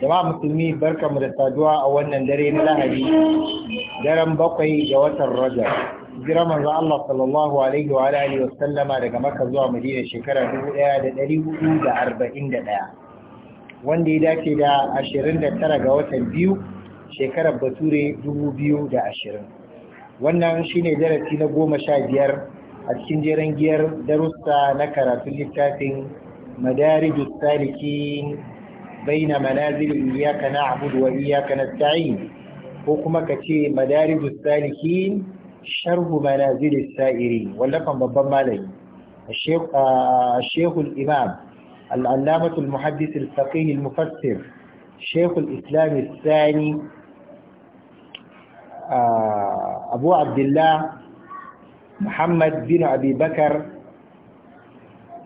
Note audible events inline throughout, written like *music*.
jama'a musulmi barkamu da saduwa a wannan dare na lahadi daren bakwai ga watan raja jira manzo Allah sallallahu alaihi wa alihi wa sallama daga Makka zuwa Madina shekara 1441 wanda ya dace da 29 ga watan biyu shekarar Bature 2020 wannan shine darasi na goma sha biyar a cikin jerin giyar darussa na karatun littafin madarijus salikin baina manazil iyyaka na'budu wa iyyaka nasta'in ko kuma kace madarijus salikin sharhu manazil as-sa'irin wallafan babban malami الشيخ الشيخ الإمام العلامة المحدث الفقيه المفسر شيخ الإسلام الثاني أبو عبد الله محمد بن أبي بكر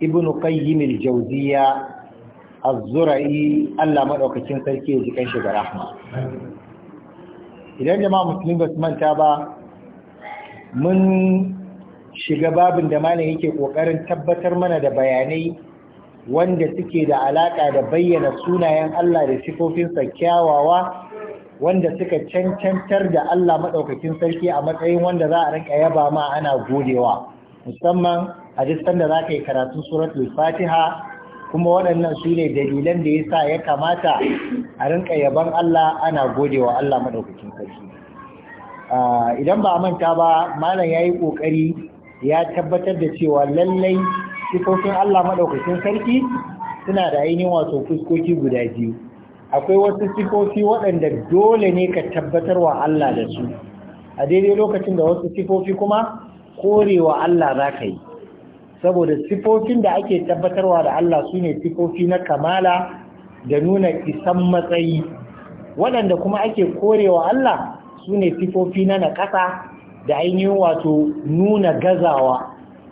ابن قيم الجوزية azzura'i Allah madaukakin sarki ya ji kan da rahma idan jama'a musulmi ba su manta ba mun shiga babin da malam yake ƙoƙarin tabbatar mana da bayanai wanda suke da alaƙa da bayyana sunayen Allah da sifofinsa kyawawa wanda suka cancantar da Allah maɗaukakin sarki a matsayin wanda za a rinka yaba ma ana godewa musamman a duk da za ka yi karatun suratul fatiha kuma waɗannan su ne dalilan da ya sa ya kamata a rinka yaban Allah ana gode wa Allah maɗaukacin sarki idan ba a manta ba malam ya yi ƙoƙari ya tabbatar da cewa lallai sifofin Allah maɗaukacin sarki suna da ainihin wato fuskoki guda biyu akwai wasu sifofi waɗanda dole ne ka tabbatar wa Allah da su a daidai lokacin da wasu sifofi kuma korewa Allah za ka yi saboda sifofin da ake tabbatarwa da Allah su ne sifofi na kamala da nuna isan matsayi waɗanda kuma ake korewa Allah su ne sifofi na naƙasa da ainihin wato nuna gazawa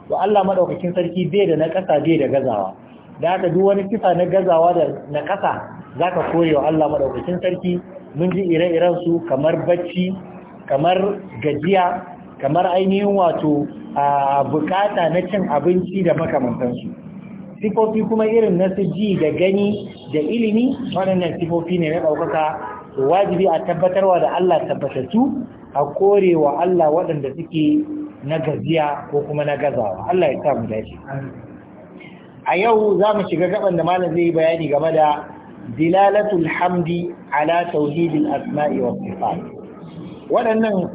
to Allah maɗaukakin sarki bai da na ƙasa bai da gazawa da haka duk wani sifa na gazawa da ƙasa, za ka korewa Allah maɗaukakin sarki mun ji ire-iren su kamar bacci kamar gajiya kamar ainihin wato a bukata na cin abinci da makamantansu sifofi kuma irin na su ji da gani da ilimi waɗannan sifofi ne na ɗaukaka wajibi a tabbatarwa da Allah tabbatattu a korewa Allah waɗanda suke na gaziya ko kuma na gazawa Allah ya samu dace a yau za mu shiga gaban da malam zai yi bayani game da dilalatul hamdi ala tauhidil asma'i was sifat waɗannan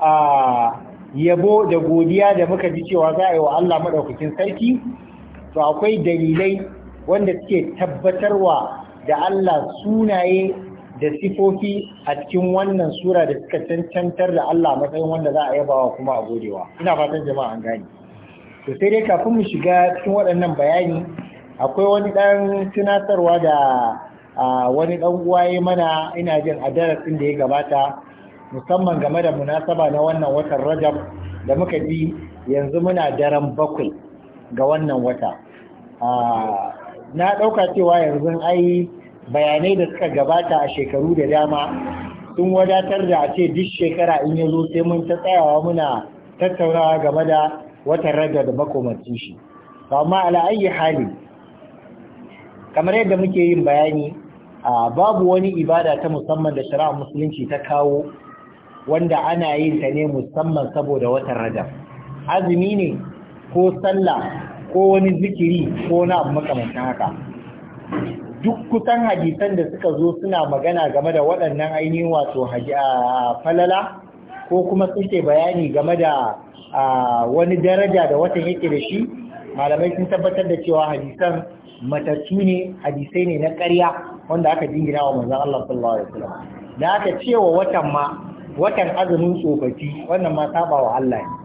a yabo da godiya da muka ji cewa za a yi wa Allah maɗaukakin sarki to akwai dalilai wanda suke tabbatarwa da Allah sunaye da sifofi a cikin wannan sura da suka cancantar da Allah matsayin wanda za a wa kuma a godewa ina fatan jama'a an gane to sai dai kafin mu shiga cikin waɗannan bayani akwai wani ɗan tunatarwa da wani ɗan uwa mana ina jin a darasin da ya gabata musamman game da munasaba na wannan watan rajab da muka ji yanzu muna daren bakwai ga wannan wata na ɗauka cewa yanzu ai bayanai da suka gabata a shekaru da dama sun wadatar da a ce duk shekara in ya zo sai mun ta tsayawa muna tattaunawa game da watan rajab da makomancin shi amma al'ayyi hali kamar yadda muke yin bayani babu wani ibada ta musamman da shari'ar musulunci ta kawo wanda ana yin ta ne musamman saboda watan rajab azumi ne ko sallah ko wani zikiri ko na abu makamantan haka duk kusan hadisan da suka zo suna magana game da waɗannan ainihin wato falala ko kuma suke bayani game da wani daraja da watan yake da shi malamai sun tabbatar da cewa hadisan matattu ne hadisai ne na karya wanda aka jingina wa manzan Allah sallallahu alaihi wasallam da aka cewa watan ma watan azumin tsofaffi wannan ma saba wa Allah ne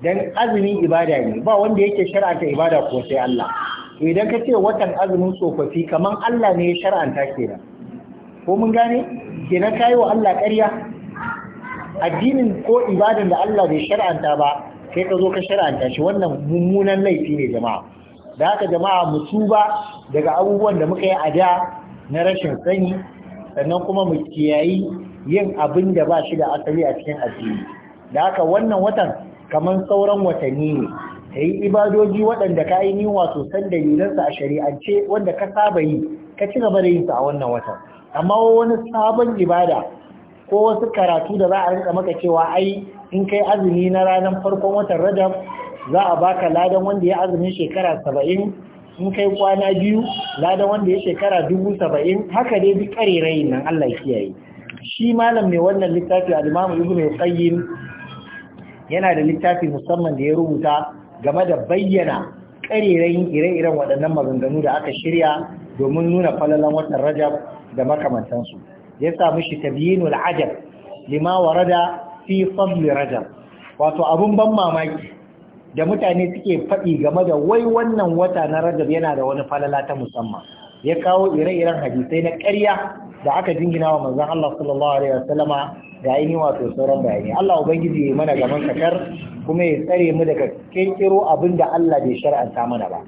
dan azumi ibada ne ba wanda yake shar'anta ibada ko sai Allah to idan ka ce watan azumin tsofaffi kaman Allah ne ya shar'anta kenan ko mun gane kenan kai wa Allah ƙarya addinin ko ibadan da Allah bai shar'anta ba kai ka zo ka shar'anta shi wannan mummunan laifi ne jama'a da haka jama'a mu tuba daga abubuwan da muka yi a da na rashin sani sannan kuma mu kiyayi yin abin da ba shi da asali a cikin addini da haka wannan watan kamar sauran watanni ne ka yi ibadoji waɗanda ka yi wato san dalilansa a shari'ance wanda ka saba yi ka ci gaba da yinsa a wannan watan amma wani sabon ibada ko wasu karatu da za a rinka maka cewa ai in kai azumi na ranar farkon watan rajab za a baka ladan wanda ya azumin shekara saba'in in kai kwana biyu ladan wanda ya shekara dubu saba'in haka dai bi ƙarerayin nan allah kiyaye shi malam ne wannan littafi al-Imam Ibn Qayyim yana da littafi musamman da ya rubuta game da bayyana karerayin ire-iren waɗannan maganganu da aka shirya domin nuna falalan watan Rajab da makamantansu ya samu shi tabyinul ajab lima warada fi fadli Rajab wato abin ban mamaki da mutane suke faɗi game da wai wannan wata na Rajab yana da wani falala ta musamman ya kawo ire-iren hadisai na ƙarya da aka jingina wa manzon Allah sallallahu alaihi wasallama da ainihin wato sauran bayani Allah ubangiji ya mana gaban kakar kuma ya tsare mu daga kirkiro abin da Allah bai shar'anta mana ba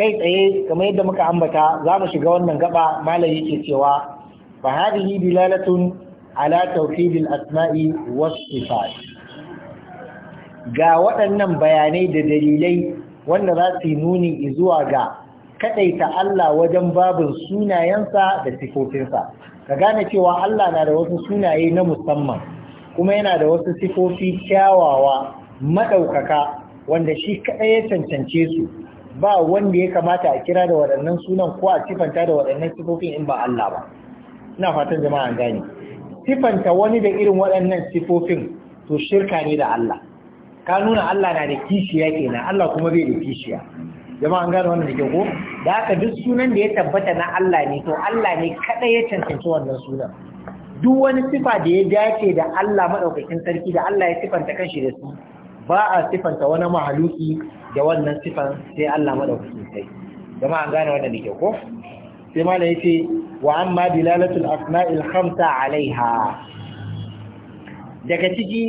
kai tsaye kamar yadda muka ambata za mu shiga wannan gaba malami ke cewa fa hadhihi dilalatun ala tawhid al-asma'i was sifat ga waɗannan bayanai da dalilai wanda za su yi nuni zuwa ga kadaita Allah wajen babin sunayensa da sifofinsa ka gane cewa Allah na da wasu sunaye na musamman kuma yana da wasu sifofi kyawawa maɗaukaka wanda shi kaɗai ya cancance su ba wanda ya kamata a kira da waɗannan sunan ko a sifanta da waɗannan sifofin in ba Allah ba ina fatan jama'a an gane sifanta wani da irin waɗannan sifofin to shirka ne da Allah ka nuna Allah na da kishiya kenan Allah kuma bai da kishiya jama'an an gane wannan da ke ko da haka duk sunan da ya tabbata na Allah ne to Allah ne kada ya cancanci wannan sunan duk wani sifa da ya dace da Allah madaukakin sarki da Allah ya sifanta kanshi da su ba a sifanta wani mahaluki da wannan sifan sai Allah madaukakin sai jama'an an gane wannan da ke ko sai ya ce, wa amma dilalatul asma'il khamsa alaiha daga ciki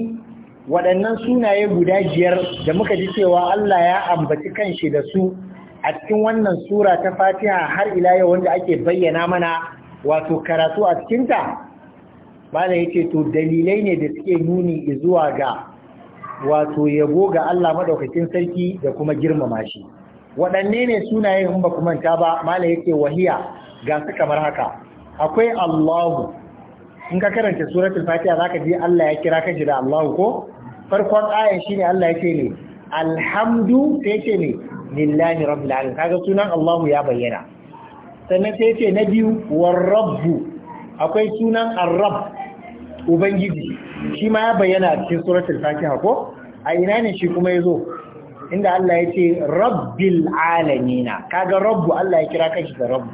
waɗannan sunaye guda biyar da muka ji cewa Allah ya ambaci kanshi da su a cikin wannan sura ta fatiha har ila yau wanda ake bayyana mana wato karatu a cikinta yace to dalilai ne da suke nuni zuwa ga wato yabo ga Allah madaukakin sarki da kuma girmama shi waɗanne ne sunayen in ba ku manta ba malam yake wahiya ga su kamar haka akwai Allahu in ka karanta suratul fatiha zaka ji Allah ya kira ka da Allahu ko farkon ayan shine Allah yake ne alhamdu sai yake ne lillahi rabbil alamin kaga sunan Allahu ya bayyana sannan sai ce na biyu war rabbu akwai sunan ar-rabb ubangiji shi ma ya bayyana a cikin suratul fatiha ko a ina ne shi kuma yazo inda Allah ya ce rabbil alamin kaga rabbu Allah ya kira kanshi da rabbu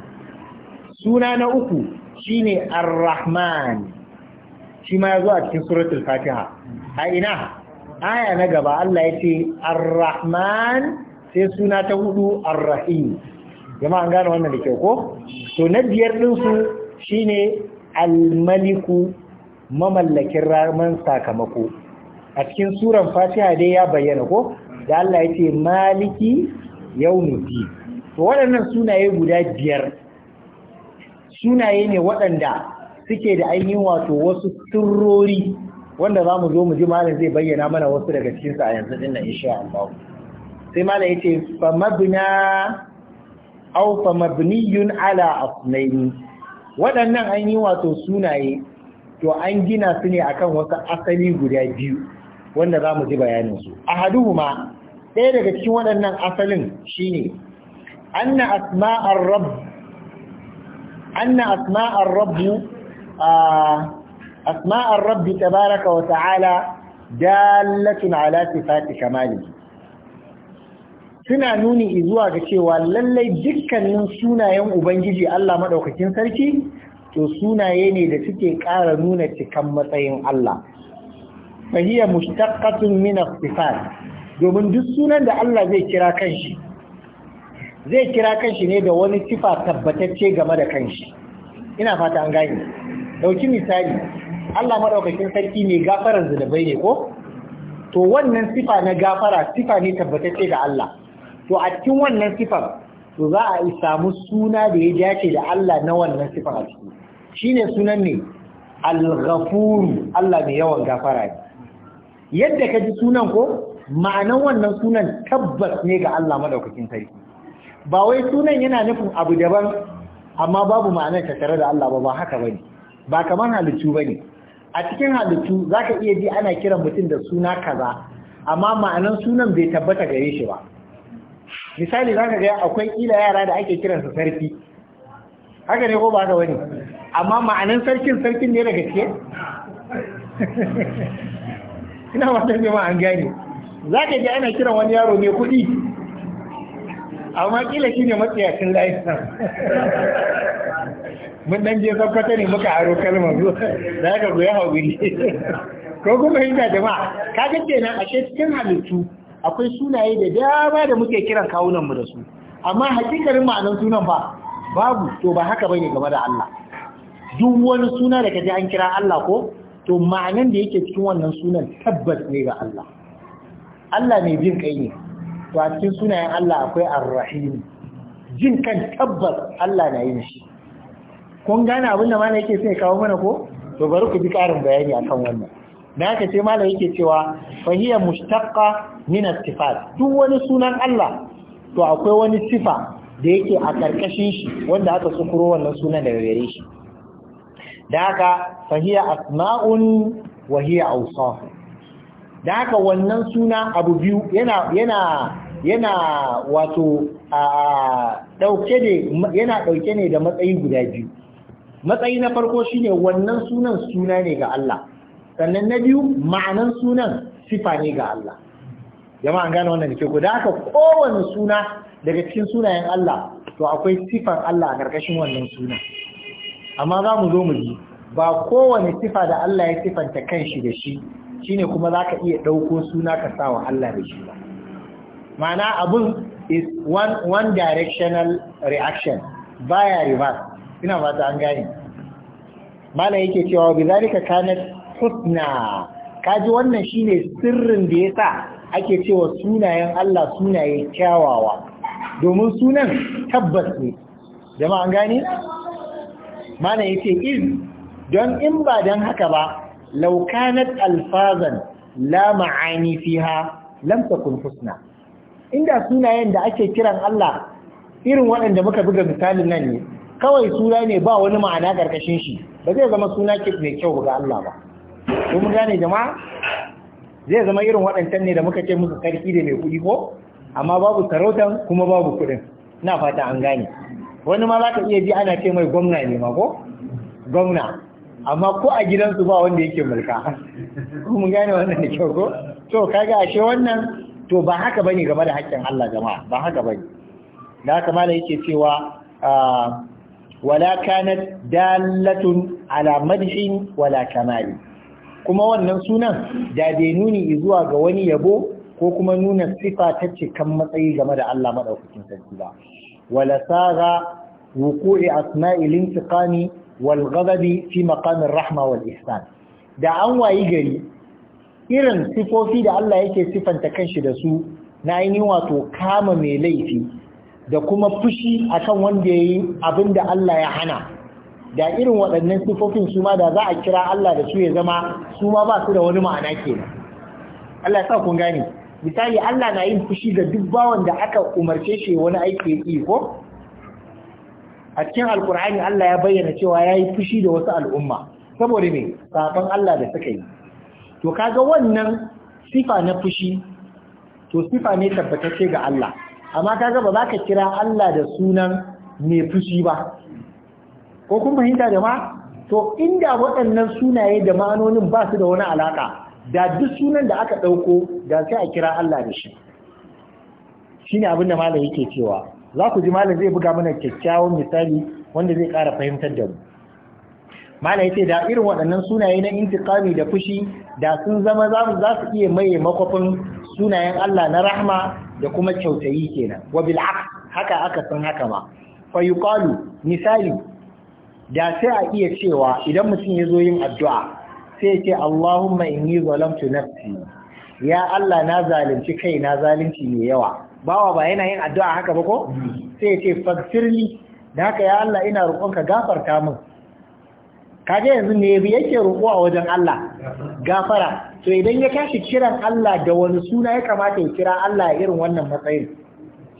suna na uku shine ar-rahman shi ma yazo a cikin suratul fatiha a ina aya na gaba Allah ya ce ar-rahman sai suna ta hudu ar-rahim an gane wannan da kyau ko to na biyar din su shine almaliku mamallakin raman sakamako a cikin suran fatiha dai ya bayyana ko da Allah ya ce maliki yawmiddin to waɗannan sunaye guda biyar sunaye ne waɗanda suke da ainihin wato wasu turori wanda za mu zo mu ji malam zai bayyana mana wasu daga cikinsu a yanzu ɗin nan insha Allah sai ya ce famabna au famabniyun ala asnaini waɗannan an yi wato sunaye to an gina su ne akan wasu asali guda biyu wanda za mu ji bayanin su ma, ɗaya daga cikin waɗannan asalin shine anna asma'ar rabb anna asma'ar rabb asma'ar rabb tabaraka wa ta'ala dalatun ala sifati kamalihi suna nuni zuwa ga cewa lallai dukkanin sunayen ubangiji Allah maɗaukakin sarki to sunaye ne da suke ƙara nuna cikan matsayin Allah Fahiyar mushtaqqatun min as-sifat domin duk sunan da Allah zai kira kanshi zai kira kanshi ne da wani sifa tabbatacce game da kanshi ina fata an gane dauki misali Allah maɗaukakin sarki ne gafarar zunubai ne ko to wannan sifa na gafara sifa ne tabbatacce ga Allah to a cikin wannan sifar to za a samu suna da ya dace da Allah na wannan sifar a ciki shine sunan ne al-ghafur Allah mai yawan gafara ne yadda ka ji sunan ko ma'anan wannan sunan tabbas ne ga Allah madaukakin sarki ba wai sunan yana nufin abu daban amma babu ma'anar ta tare da Allah ba ba haka bane ba kamar halittu bane a cikin halittu zaka iya ji ana kiran mutum da suna kaza amma ma'anan sunan bai tabbata gare shi ba misali za ka ga akwai ila yara da ake kiransa sarki haka ne ko ba haka wani amma ma'anin sarkin sarkin ne daga gaske *laughs* ina ta jama an gane za ka ji ana kiran wani yaro ne kuɗi amma kila shi ne matsayacin laifin *laughs* mun dan je sabkata ne muka aro kalmar zo za ka goya hauri ko kuma hinta jama'a ka ga kenan a cikin halittu akwai sunaye da dama da muke kiran kawunan mu da su amma hakikarin ma'anar sunan ba babu to ba haka bane game da Allah duk wani suna da kaje an kira Allah ko to ma'anar da yake cikin wannan sunan tabbas ne ga Allah Allah mai jin kai ne to a cikin sunayen Allah akwai Ar-Rahim jin kan tabbas Allah na yin shi kun gane abin da ma yake sai kawo mana ko to bari ku bi karin bayani akan wannan da aka ce mala yake cewa fa hiya mushtaqqa min as duk wani sunan Allah to akwai wani sifa da yake a karkashin shi wanda aka sukuro wannan sunan daga gare shi da haka fa asma'un wa hiya awsaf da haka wannan suna abu biyu yana yana yana wato dauke ne yana dauke ne da matsayi guda biyu matsayi na farko shine wannan sunan suna ne ga Allah sannan na biyu ma'anan sunan sifa ne ga Allah jama'a an gane wannan ke guda da haka kowane suna daga cikin sunayen Allah to akwai sifar Allah a ƙarƙashin wannan suna amma za mu zo mu ji ba kowane sifa da Allah ya sifanta kan shi da shi shi ne kuma za ka iya ɗauko suna ka sa wa Allah da shi ba ma'ana abun is one, one directional reaction baya reverse ina fata an gane mana yake cewa bi zalika kanat husna kaji wannan shine sirrin da yasa ake cewa sunayen Allah sunaye kyawawa domin sunan tabbas ne jama'an gani mana yace iz don in ba dan haka ba law kanat alfazan la ma'ani fiha lam takun husna inda sunayen da ake kiran Allah irin waɗanda muka buga misalin nan ne kawai suna ne ba wani ma'ana ƙarƙashin shi ba zai zama suna mai kyau ga Allah ba mun gane jama'a zai zama irin waɗancan ne da muka ce musu sarki da mai kuɗi ko amma babu sarautan kuma babu kuɗin na fata an gane wani ma za ka iya ji ana ce mai gwamna ne ma ko gwamna amma ko a gidansu ba wanda yake mulka mun gane wannan da kyau ko to kaga ashe wannan to ba haka bane game da haƙƙin Allah jama'a ba haka bane da haka mala yake cewa ah, wala kanat dalatun ala madhin wala kamali kuma wannan sunan da bai nuni zuwa ga wani yabo ko kuma nuna sifa ta cikan matsayi game da Allah madaukakin sarki ba wala saga wuqu'i asma'i lintiqami wal ghadabi fi maqam rahma wal ihsan da an wayi gari irin sifofi da Allah yake sifanta kanshi da su na ainihin wato kama mai laifi da kuma fushi akan wanda yayi abinda Allah ya hana da irin waɗannan sifofin su ma da za a kira Allah da su ya zama su ma ba su da wani ma'ana ne. Allah sa kun gane misali Allah na yin fushi ga duk bawan da aka umarce shi wani aiki yi ko a cikin alkur'ani Allah ya bayyana cewa ya yi fushi da wasu al'umma saboda me safan Allah da suka yi to kaga wannan sifa na fushi to sifa ne tabbatacce ga Allah amma kaga ba za ka kira Allah da sunan mai fushi ba ko kun fahimta da ma to inda waɗannan sunaye da ma'anonin ba su da wani alaka da duk sunan da aka ɗauko da sai a kira Allah da shi shine abin da malam yake cewa za ku ji malam zai buga mana kyakkyawan misali wanda zai ƙara fahimtar da mu malam yace da irin waɗannan sunaye na intiqami da fushi da sun zama za su iya maye makofin sunayen Allah na rahma da kuma kyautayi kenan wa bil haka aka san haka ma fa yuqalu misali da sai a iya cewa idan mutum ya zo yin addu'a sai ce Allahumma inni zalamtu nafsi ya Allah na zalunci kai na zalunci mai yawa bawa ba yana yin addu'a haka ba ko sai ce fagsirli da haka ya Allah ina roƙonka gafarta min kaje yanzu ne yake roƙo a wajen Allah gafara to idan ya kashi kiran Allah da wani suna ya kamata ya kira Allah irin wannan matsayin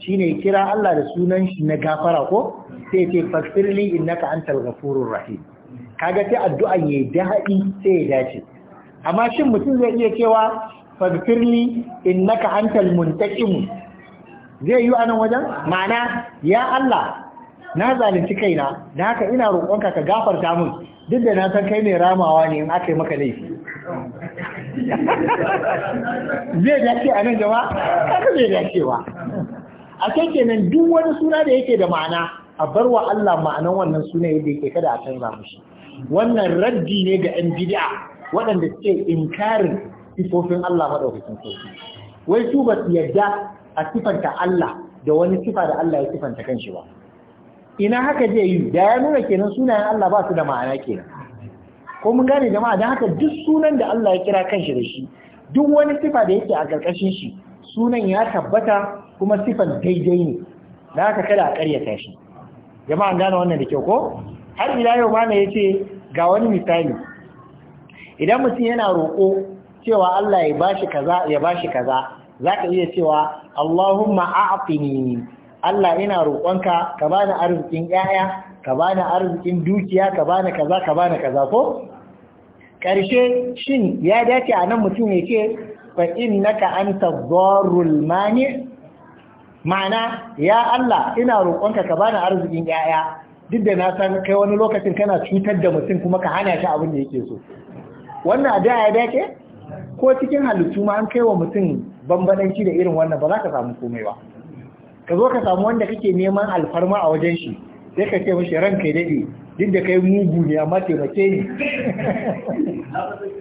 shine kira Allah da sunan shi na gafara ko sai ce fasirli innaka antal ghafurur rahim kaga sai addu'an yayi daɗi sai ya dace amma shin mutum zai iya cewa fasirli innaka antal muntaqim zai yi anan wajen ma'ana ya Allah na zalunci kaina da haka ina roƙonka ka gafarta mun duk da na san kai mai ramawa ne in aka yi maka laifi *laughs* zai dace a nan jama'a kaga zai dace ba a kai kenan duk wani suna da yake da ma'ana a bar wa Allah ma'anan wannan suna yadda yake kada a canza shi. wannan raddi ne ga yan bid'a waɗanda suke inkarin sifofin Allah madaukakin sarki wai su ba su yadda a sifanta Allah da wani sifa da Allah ya sifanta kanshi ba ina haka zai yi da ya nuna kenan sunayen Allah ba su da ma'ana kenan ko mun gane jama'a don haka duk sunan da Allah ya kira kanshi da shi duk wani sifa da yake a ƙarƙashin shi sunan ya tabbata kuma sifan daidai ne da aka kada a karyata shi jama'an gane wannan da kyau ko har ila yau mana ya ce ga wani misali idan mutum yana roƙo cewa Allah ya bashi kaza ya bashi kaza zaka iya cewa Allahumma a'tini Allah ina roƙonka ka bani arzikin 'ya'ya, ka bani arzikin dukiya ka bani kaza ka bani kaza ko Karshe shin ya dace a nan mutum ya ce fa innaka anta dharrul mani ma'ana ya Allah ina roƙonka ka bani arzikin yaya duk da na san kai wani lokacin kana cutar da mutum kuma ka hana shi abin da yake so wannan da ya dace ko cikin halittu ma an kai wa mutum bambanci da irin wannan ba za ka samu komai ba ka zo ka samu wanda kake neman alfarma a wajen shi sai ka ce mashi ranka ya daɗe duk da kai mugu ne amma taimake ni *laughs*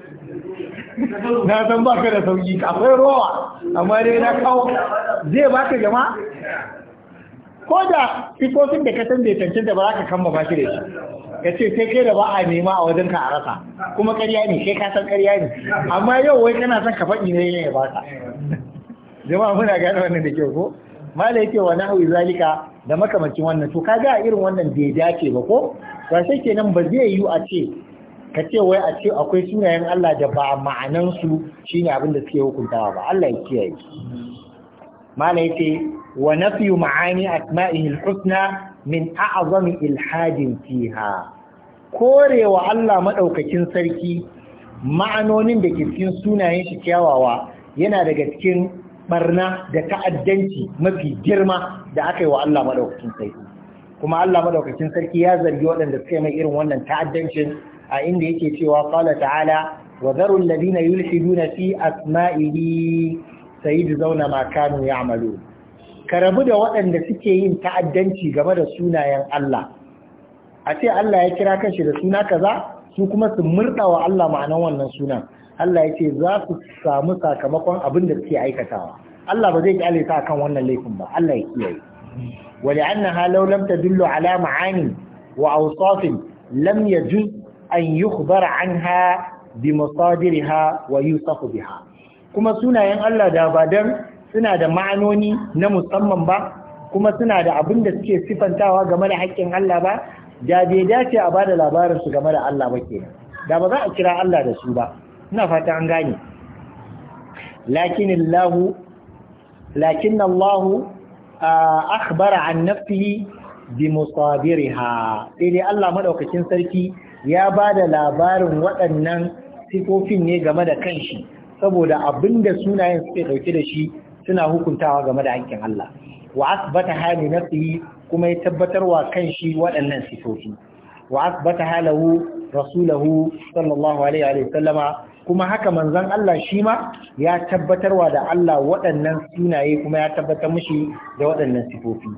na san baka da sauki akwai rowa amma dai na kawo zai baka jama'a ko da sifofin da ka san bai da ba za ka kama ba shi da shi ka ce sai kai da ba a nema a wajen ka a rasa kuma karya ne kai ka san karya ne amma yau wai kana son ka faɗi ne ya baka jama'a muna gane wannan da kyau ko mala yake wa nahwi zalika da makamancin wannan to kaga a irin wannan bai dace ba ko ba sai kenan ba zai yiwu a ce ka ce wai a ce akwai sunayen Allah da ba ma'anansu shine abin da suke hukuntawa ba Allah ya kiyaye mala yake wa nafyu ma'ani asma'ihi al-husna min a'zami ilhadin fiha korewa Allah madaukakin sarki ma'anonin da ke cikin sunayen shi kyawawa yana daga cikin barna da ta'addanci mafi girma da aka yi wa Allah madaukakin sarki kuma Allah madaukakin sarki ya zargi waɗanda suka mai irin wannan ta'addancin a inda yake cewa qala ta'ala wa dharu alladhina yulhiduna fi asma'ihi sayajzauna ma kanu ya'malu ka rabu da waɗanda suke yin ta'addanci game da sunayen Allah a ce Allah ya kira kanshi da suna kaza su kuma su murda wa Allah ma'anan wannan sunan Allah ya ce za su samu sakamakon abin da suke aikatawa Allah ba zai kyale ta akan wannan laifin ba Allah ya kiyaye ولأنها لو لم تدل على معاني وأوصاف لم يجوز an yukhbar anha bi masadiriha wa yusafu biha kuma sunayen Allah da ba dan suna da ma'anoni na musamman ba kuma suna da abin da suke sifantawa game da haƙƙin Allah ba da bai dace a bada labarin su game da Allah ba kenan da ba za a kira Allah da su ba ina fata an gane lakin Allah akhbara an nafsihi bi musabiriha sai dai Allah madaukakin sarki ya ba da labarin waɗannan sifofin ne game da kanshi saboda abin da sunayen suke ɗauke da shi suna hukuntawa game da hankin Allah wa asbata hali nafsihi kuma ya tabbatarwa kanshi waɗannan sifofi wa asbata halahu rasulahu sallallahu alaihi wa sallama kuma haka manzon Allah shi ma ya tabbatarwa da Allah waɗannan sunaye kuma ya tabbatar mushi da waɗannan sifofi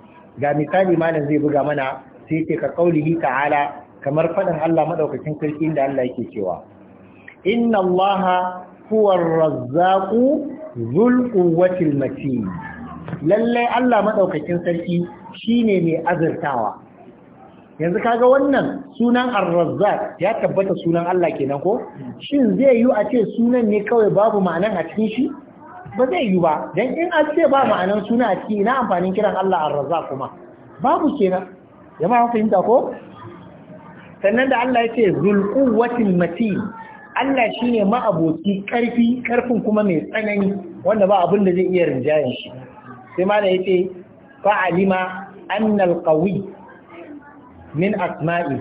ga misali malam zai buga mana sai ce ka kaulihi ta'ala kamar faɗin Allah madaukakin sarki da Allah yake cewa inna allaha huwa razzaqu dhul quwwati matin lalle Allah madaukakin sarki shine mai azurtawa yanzu kaga wannan sunan ar-razzaq ya tabbata sunan Allah kenan ko shin zai yi a ce sunan ne kawai babu ma'ana a cikin shi ba zai yi ba dan in a ce ba ma'anan suna a ciki ina amfanin kiran Allah ar-razzaq kuma babu kenan jama'a fahimta ko sannan da Allah ya ce watin mati, Allah shine ma'aboci karfi ƙarfin kuma mai tsanani wanda ba abin da zai iya rinjayen shi sai ma da ce fa'alima annal qawi min asma'i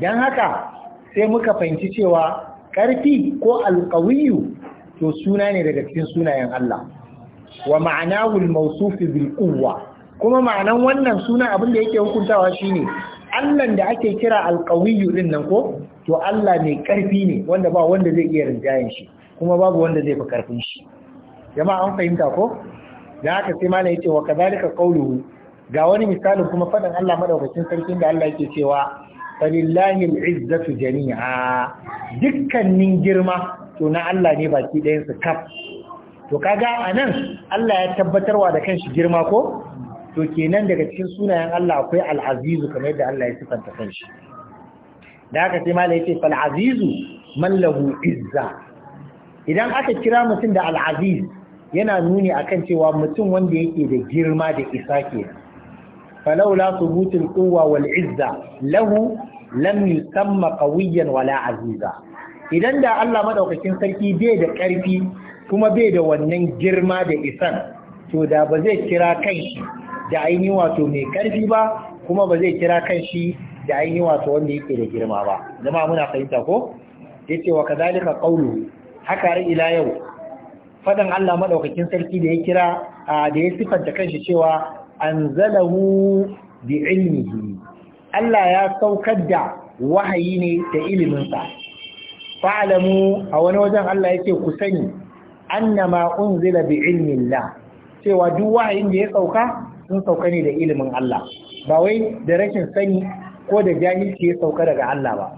dan haka sai muka fahimci cewa ƙarfi ko alqawiyu to suna ne daga cikin sunayen Allah wa ma'ana al-mawsuf bil quwwa kuma ma'anan wannan suna abin da yake hukuntawa shine Allahn da ake kira alƙawiyu ɗin nan ko to Allah mai ƙarfi ne wanda ba wanda zai iya rinjayen shi kuma babu wanda zai fi ƙarfin shi jama'a an fahimta ko da haka sai ya ce wa kadhalika qawluhu ga wani misalin kuma faɗin Allah madaukakin sarkin da Allah yake cewa falillahi al'izzatu jami'a dukkanin girma to na Allah ne baki ɗayan su kaf to kaga anan Allah ya tabbatarwa da kanshi girma ko to kenan daga cikin sunayen Allah akwai al'azizu kamar yadda Allah ya sifanta shi. da aka sai mala yace fal fal'azizu man izza idan aka kira mutum da al yana nuni akan cewa mutum wanda yake da girma da isa kenan falaula thubutul quwwa wal izza lahu lam yusamma qawiyyan wala aziza idan da Allah madaukakin sarki bai da ƙarfi kuma bai da wannan girma da isan to da ba zai kira kai da ainihin wato mai karfi ba kuma ba zai kira kan shi da ainihin wato wanda yake da girma ba zama muna fahimta ko Ya ce wa zalika qawlu haka ila yau fadan Allah maɗaukakin sarki da ya kira da ya siffanta kan shi cewa anzalahu bi ilmihi Allah ya saukar da wahayi ne da iliminsa fa'alamu a wani wajen Allah yake ku sani annama unzila bi la cewa duk wahayin da ya sauka sun sauka ne da ilimin Allah ba wai da rashin sani ko da jahilci ya sauka daga Allah ba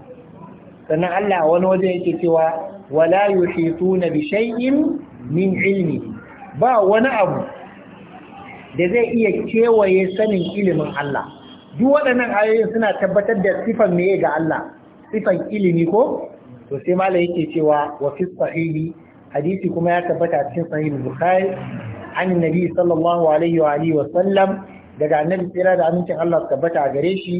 sannan Allah wani waje yake cewa wala yuhituna bi shay'in min ilmi ba wani abu da zai iya kewaye sanin ilimin Allah duk waɗannan ayoyin suna tabbatar da sifan meye ga Allah sifan ilimi ko to sai malai yake cewa wa fi sahihi hadisi kuma ya tabbata cikin sahih bukhari an nabi sallallahu alaihi wa alihi wa sallam daga annabi tsira da amincin Allah su a gare shi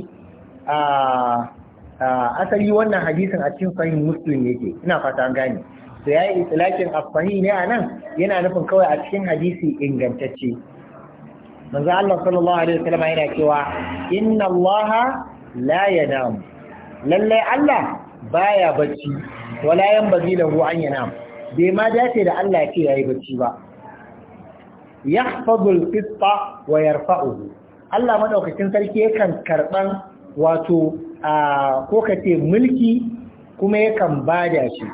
a asali wannan hadisin a cikin sahih muslim yake ina fata an gane to yayi itlaqin as-sahih ne anan yana nufin kawai a cikin hadisi ingantacce manzo Allah sallallahu alaihi sallam yana cewa inna Allah la yanam lalle Allah baya bacci wala yanbaghi lahu an yanam bai ma dace da Allah ya ce yayi bacci ba yahfazul qista wa yarfa'uhu Allah maɗaukacin sarki yakan karban wato ko kace mulki kuma yakan bada shi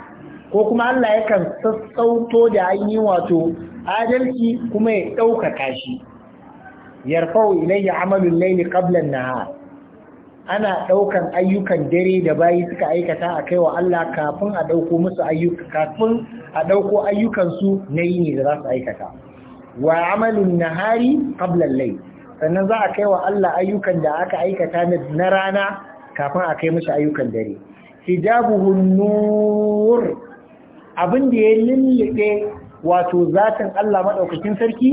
ko kuma Allah yakan sassauto da an wato adalci kuma ya ɗaukaka shi yarfau ilayya amalul layli qabla an-nahar ana ɗaukan ayyukan dare da bayi suka aikata a wa Allah kafin a ɗauko musu ayyuka kafin a ɗauko ayyukansu na yini da za su aikata wa amalin nahari qabla lai sannan za a kai wa Allah ayyukan da aka aikata na rana kafin a kai mishi ayyukan dare hijabuhu nur abinda ya lullube wato zatin Allah maɗaukacin sarki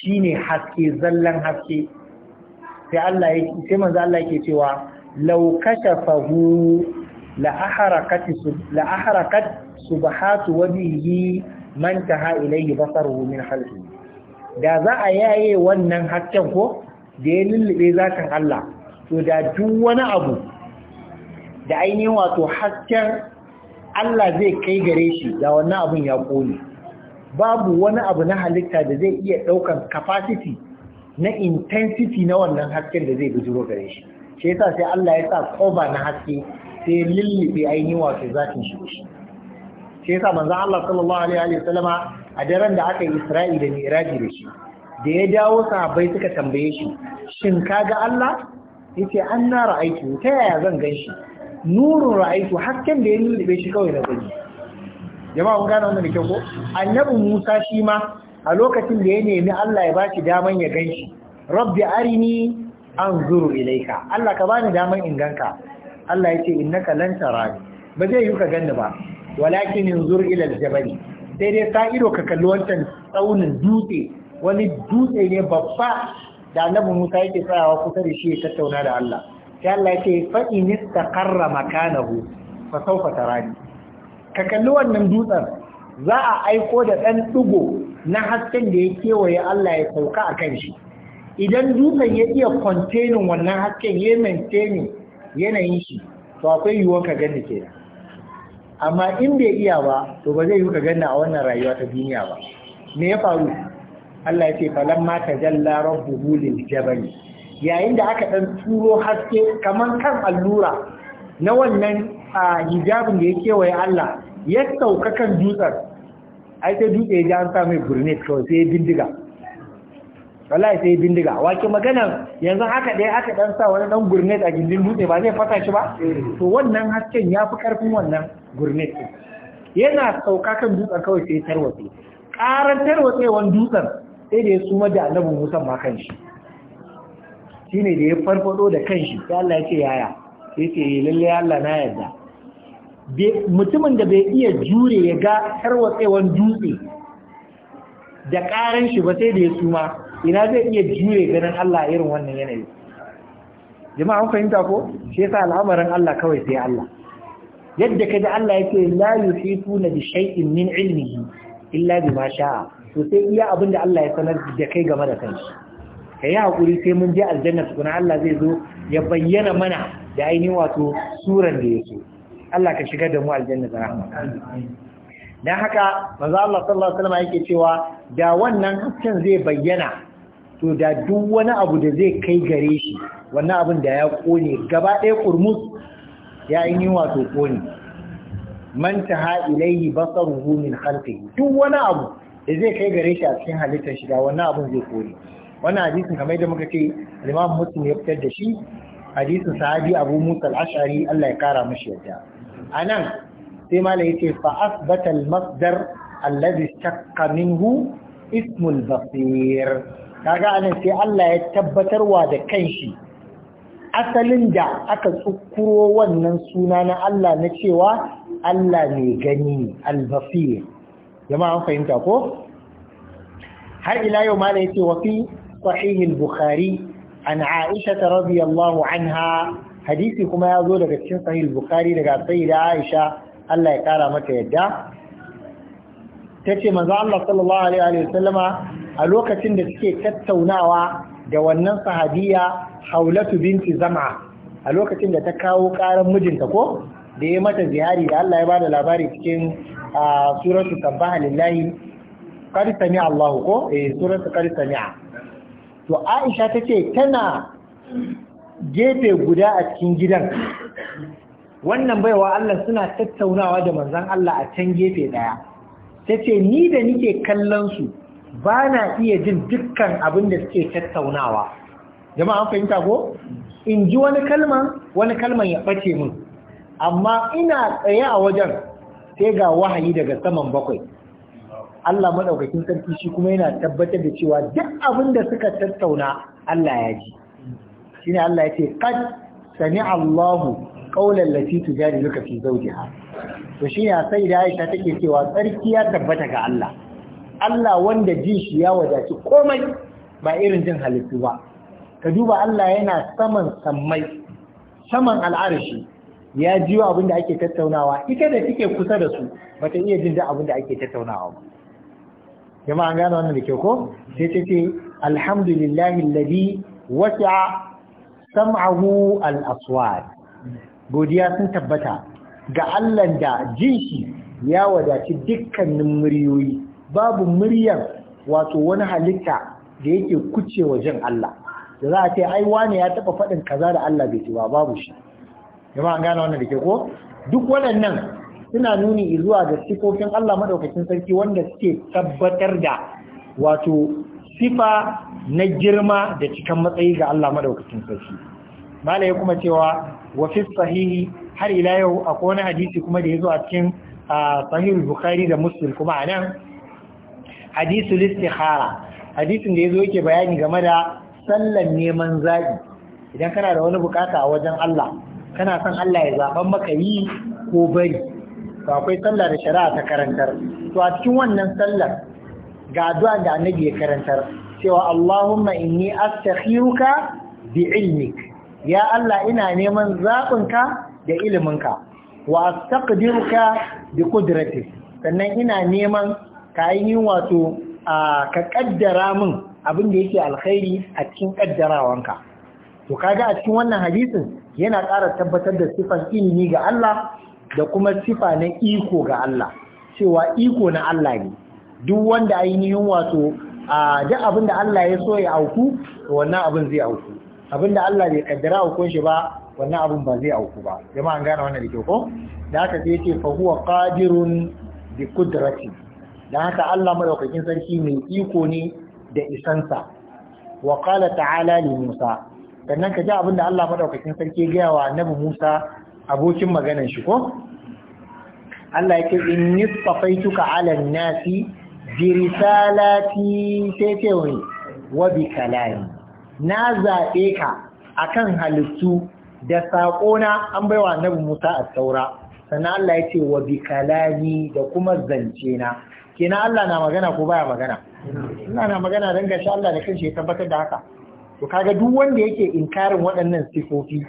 shine haske zallan haske sai Allah yake sai manzo Allah yake cewa law kashafahu la aharakat la aharakat subhatu wajhihi man taha ilayhi basaruhu min khalqi da za a yaye wannan hasken ko da ya lullube zakan Allah to da duk wani abu da ainihin wato hasken Allah zai kai gare shi da wannan abun ya kone babu wani abu na halitta da zai iya ɗaukar capacity na intensity na wannan hasken da zai bijiro gare shi shi yasa sai Allah ya sa koba na haske sai lullube ainihin wato zakin shi shi yasa manzon Allah sallallahu alaihi wa sallama a daren da aka yi Isra'i da Mi'raji da shi da ya dawo sahabbai suka tambaye shi shin kaga Allah yace an na ra'aitu ta yaya zan gan shi nurun ra'aitu hasken da ya bai shi kawai na gani jama'a mun gane wannan da kyau ko annabi Musa shi ma a lokacin da ya nemi Allah ya bashi daman ya gan shi rabbi arini anzuru ilaika Allah ka bani daman in ganka Allah yace innaka lan tarani ba zai yi ka ganni ba walakin yanzur ilal aljabal sai dai ka ido ka kalli wancan tsaunin dutse wani dutse ne babba da annabi Musa yake tsayawa kusa da shi ya tattauna da Allah sai Allah yake fa in istaqarra makanahu fa sawfa tarani ka kalli wannan dutsen za a aiko da dan digo na hasken da ya kewaye Allah ya sauka a kan shi idan dutsen ya iya containing wannan hasken ya maintaining yanayin shi to akwai yiwuwar ka gani kenan amma in bai iya ba to ba zai yi ka ganna a wannan rayuwa ta duniya ba me ya faru Allah ya ce ta jalla rabbuhu lil jabal yayin da aka dan turo haske kaman kan allura na wannan hijabin da ya kewaye Allah ya sauka kan dutsen ai sai dutse ya ji an sa mai burnet ko sai bindiga wallahi sai bindiga wake magana yanzu haka dai aka dan sa wani dan gurnet a gindin dutse ba zai fasa shi ba to wannan hasken ya fi karfin wannan gurnet yana sauka kan dutsen kawai sai tarwatse karan tarwatsewan dutsen sai da ya suma da annabin musa ma kan shi shine da ya farfado da kanshi sai Allah ya ce yaya sai ce eh, lalle Allah na yarda mutumin da bai iya jure ya ga tarwatsewan dutse da karan shi ba sai da ya suma ina zai iya jure ganin Allah irin wannan yanayi jama'a an fahimta ko shi yasa al'amarin Allah kawai sai Allah yadda kaji Allah yake la tuna bi shay'in min ilmihi illa bi ma sha'a to sai iya abin da Allah ya sanar da kai game da kanshi kai hakuri sai mun je aljanna tukuna Allah zai zo ya bayyana mana da ainihin wato suran da yake Allah ka shigar da mu aljanna da rahama dan haka manzo Allah sallallahu alaihi wasallam yake cewa da wannan hasken zai bayyana to da duk wani abu da zai kai gare shi wannan abin da ya kone gaba ɗaya kurmus ya yi wato kone man taha ilayhi basaruhu min khalqihi duk wani abu da zai kai gare shi a cikin halittar shiga da wannan abin zai kone wannan hadisin kamar da muka ce Imam Muslim ya fitar da shi hadisin sahabi Abu Musa al-Ash'ari Allah ya kara yadda. A anan sai malai yace fa asbata masdar alladhi istaqqa minhu ismul basir kaga anan sai Allah ya tabbatarwa da kanshi asalin da aka tsukuro wannan suna na Allah na cewa Allah mai gani ne al jama'a an fahimta ko har ila yau ma yace wa fi sahih al-bukhari an Aisha radiyallahu anha hadisi kuma ya zo daga cikin sahih al-bukhari daga sayyida Aisha Allah ya kara mata yadda ta ce manzo Allah sallallahu alaihi wa sallama a lokacin da suke tattaunawa da wannan sahabiya Haulatu binti Zam'a a lokacin da ta kawo karan mijinta ko da ya mata zihari da Allah ya bada labari cikin suratu tabbaha lillahi qad sami'a Allahu ko eh suratu qad sami'a to Aisha tace tana gefe guda a cikin gidan wannan baiwa Allah suna tattaunawa da manzon Allah a can gefe daya ta ce ni da nike kallon su ba na iya jin dukkan abin da suke tattaunawa jama'a an fahimta ko in ji wani kalman wani kalman ya ɓace min amma ina tsaye a wajen sai ga wahayi daga saman bakwai Allah maɗaukakin sarki shi kuma yana tabbatar da cewa duk abin da suka tattauna Allah ya ji shine Allah ya ce qad sami Allahu kaular lati tujadiluka fi zawjiha to shi ne sai da Aisha take cewa tsarki ya tabbata ga Allah Allah wanda ji shi ya wadaci komai ba irin jin halittu ba ka duba Allah yana saman sammai saman al'arshi ya ji abin da ake tattaunawa ita da take kusa da su bata iya jin da abin ake tattaunawa ba jama'a an gane wannan da ko sai ta ce alhamdulillahi alladhi wasi'a sam'ahu al aswad. godiya sun tabbata ga Allah da jinshi ya wadaci dukkanin muryoyi babu muryar wato wani halitta da yake kuce wajen Allah da za a ce ai wane ya taba faɗin kaza da Allah bai ci ba babu shi an gane wannan da ke ko duk waɗannan suna nuni zuwa ga sifofin Allah madaukakin sarki wanda suke tabbatar da wato sifa na girma da cikan matsayi ga Allah madaukakin sarki malai kuma cewa wa fi sahihi har ila yau akwai wani hadisi kuma da yazo a cikin sahih bukhari da muslim kuma anan hadisi listihara hadisin da yazo yake bayani game da sallan neman zaɓi idan kana da wani bukata a wajen Allah kana son Allah ya zaban maka yi ko bari to akwai sallah da shari'a ta karantar to a cikin wannan sallar ga addu'a da annabi ya karantar cewa Allahumma inni astakhiruka bi ilmik ya Allah ina neman zaɓinka da iliminka wa astaqdiruka bi qudratik sannan ina neman ka yi wato ka kaddara min abin da yake alkhairi a cikin kaddarawanka to ga a cikin wannan hadisin yana ƙara tabbatar da sifan ilimi ga Allah da kuma sifa na iko ga Allah cewa iko na Allah ne duk wanda ainihin wato duk abin da Allah ya so ya auku to wannan abin zai auku abinda Allah bai kaddara hukun shi ba wannan abun ba zai auku ba jama'a an gane wannan da ke ko da haka sai yace fa huwa qadirun bi qudrati da haka Allah madaukakin sarki mai iko ne da isansa wa qala ta'ala li Musa sannan ka ji da Allah madaukakin sarki ya wa annabi Musa abokin maganar shi ko Allah yake inni safaituka 'ala nasi bi risalati sai ce wa bi kalami na zaɓe ka a kan halittu da saƙona an baiwa annabi Musa a saura sannan Allah ya ce wa bi kalami da kuma zance na kenan Allah na magana ko baya magana ina na magana don gashi Allah da kanshi ya tabbatar da haka to kaga duk wanda yake inkarin waɗannan sifofi